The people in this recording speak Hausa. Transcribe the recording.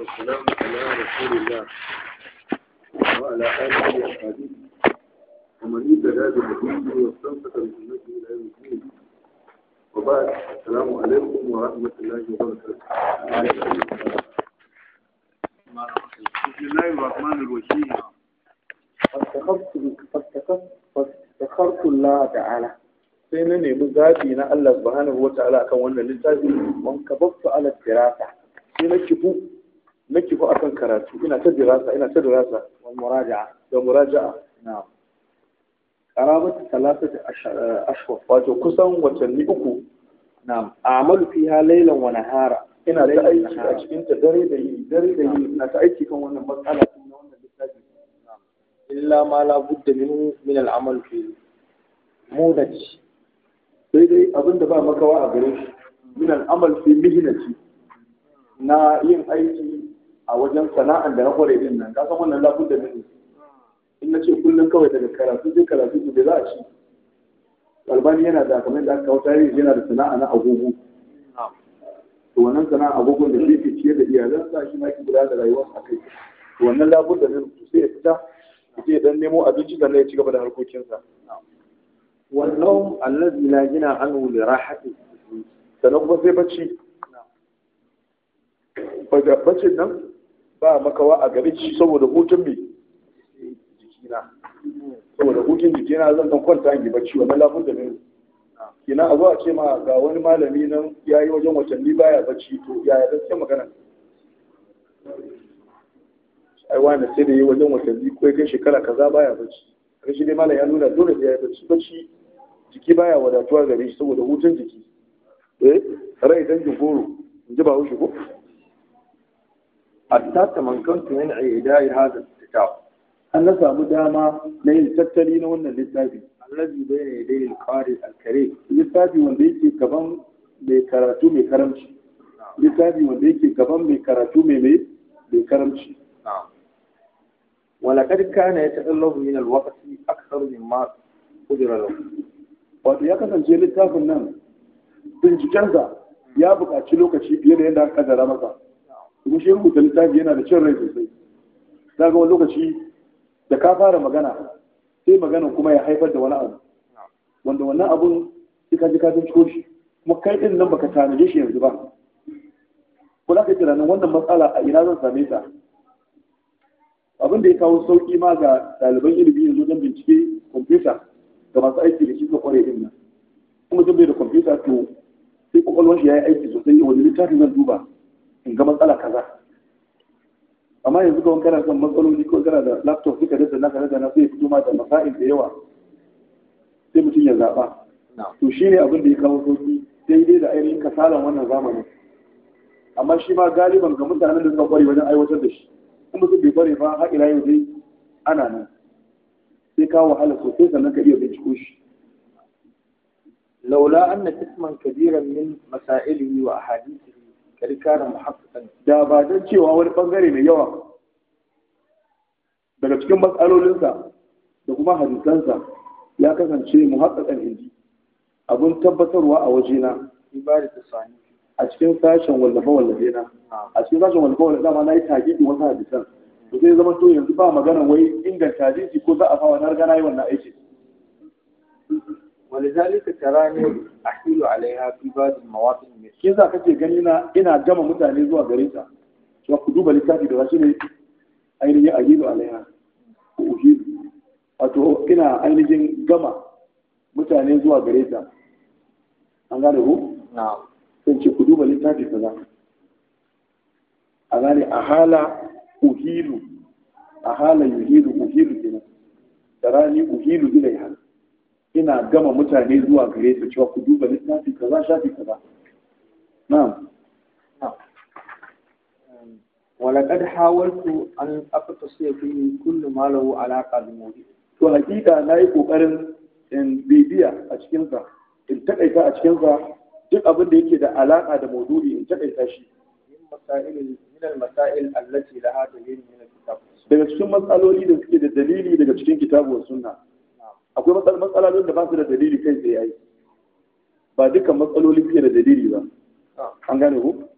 والسلام على رسول الله وعلى آله وأصحابه ومن اهتدى بهديه ويستنفق بسنته إلى يوم الدين وبعد السلام عليكم ورحمة الله وبركاته بسم الله الرحمن الرحيم فاستخرت الله تعالى sai na nemi zaɓi na Allah subhanahu wa ta'ala akan wannan littafi wan kababtu ala tirasa sai na kifu na kifo akan karatu ina ta dirasa ina ta dirasa wa muraja'a da muraja'a na'am qarabatu thalathati eh, ashhur wato kusan watanni uku na'am a'malu fiha laylan wa nahara ina ta aiki a cikin ta dare da yi. dare da yi ina ta aiki kan wannan matsala na wannan littafi illa ma la budda minhu min al-amal fi mudaj sai dai abinda ba makawa a gare shi min al-amal fi mihnati na yin aiki a wajen sana'an da na kware din nan ka san wannan lafun da nake in na ce kullum kawai daga karatu sai karatu su bai za a ci albani yana da kamar da aka kawo tarihi yana da sana'a na agogo to wannan sana'a agogon da ke ke ciyar da sa shi ma ke gudanar da rayuwar a kai to wannan lafun da nake sai ya fita sai dan nemo abinci da ya ci gaba da harkokinsa wannan allazi la gina anhu li rahati sanan kuma sai bacci bacci nan ba makawa a gare shi saboda hutun mai jikina saboda hutun jikina zan dan kwanta in bacci wannan lafun da ne kina a zuwa ce ma ga wani malami nan ya yi wajen watanni baya bacci to yaya zan ce magana ai wani sai da yi wajen watanni ko ya kai shekara kaza baya bacci kai shi dai malam ya nuna dole sai ya bacci bacci jiki baya wadatuwa gare shi saboda hutun jiki eh rai dangin goro in ji ba haushi ko hatta tamankantu min i'da'i hadha kitab an na samu dama na yin tattali na wannan littafi allazi bayna yadayhi al-qari al-karim littafi wanda yake gaban mai karatu mai karamci littafi wanda yake gaban mai karatu mai mai mai karamci ولقد كان يتألف من الوقت أكثر مما قدر له wato ya kasance littafin nan bincikensa ya buƙaci lokaci fiye da yadda aka zara maka. kuma shi rubuta littafi yana da cin rai sosai za ga wani lokaci da ka fara magana sai magana kuma ya haifar da wani abu wanda wannan abun sai ka ji ka binciko shi kuma kai din nan baka tanaje shi yanzu ba ko za ka ji nan wannan matsala a ina zan same ta abin da ya kawo sauƙi ma ga ɗaliban ilimi yanzu don bincike kwamfuta ga masu aiki da shi ka kware din nan kuma zan bai da kwamfuta to sai kwakwalwar shi ya yi aiki sosai wani littafin zan duba in ga matsala kaza amma yanzu kawai kana son matsaloli ko kana da laptop duka da na kana da na sai fito ma da masa'il da yawa sai mutum ya zaɓa to shi ne abin da ya kawo sauki dai da ainihin kasalan wannan zamanin amma shi ma galiban ga mutanen da suka kware wajen aiwatar da shi in mutum bai kware ba har ila yau dai ana nan sai kawo wahala sosai sannan ka iya binciko shi laula anna isman كبيرا من مسائله وأحاديثه karikara muhaqqaqan da ba dan cewa wani bangare mai yawa daga cikin matsalolinsa da kuma hadisansa ya kasance muhaqqaqan hindi abun tabbatarwa a wajena ibari a cikin sashen wallafa wallafe na a cikin sashen wallafa wallafe dama na yi da wasu hadisan to zai zama to yanzu ba magana wai inganta hadisi ko za a fawa na riga na yi wannan aiki ولذلك تراني أحيل عليها في بعض المواطن كيف كتير جنينا إن أجمع متعني زوا غريتا شو كدوب لكاتي دراسين أين أجيل عليها أجيل wato ina ainihin gama mutane zuwa gare ta an gane ku? sun ce ku duba littafi kaza a gane a hala uhilu a hala yuhilu uhilu kenan da rani uhilu ilaiha ina gama mutane zuwa gare su cewa ku duba littafi kaza shafi kaza na'am ولقد حاولت أن أقتصي به كل ما له علاقة بموضوع to hakika na yi ƙoƙarin in bibiya a cikinsa in taƙaita a cikinsa duk abin da yake da alaƙa da maudu'i in taƙaita shi daga cikin matsaloli da suke da dalili daga cikin kitabu wa sunna akwai matsalolin da ba su da dalili kai yi ai ba dukkan matsaloli fiye da dalili ba ah. an gane ku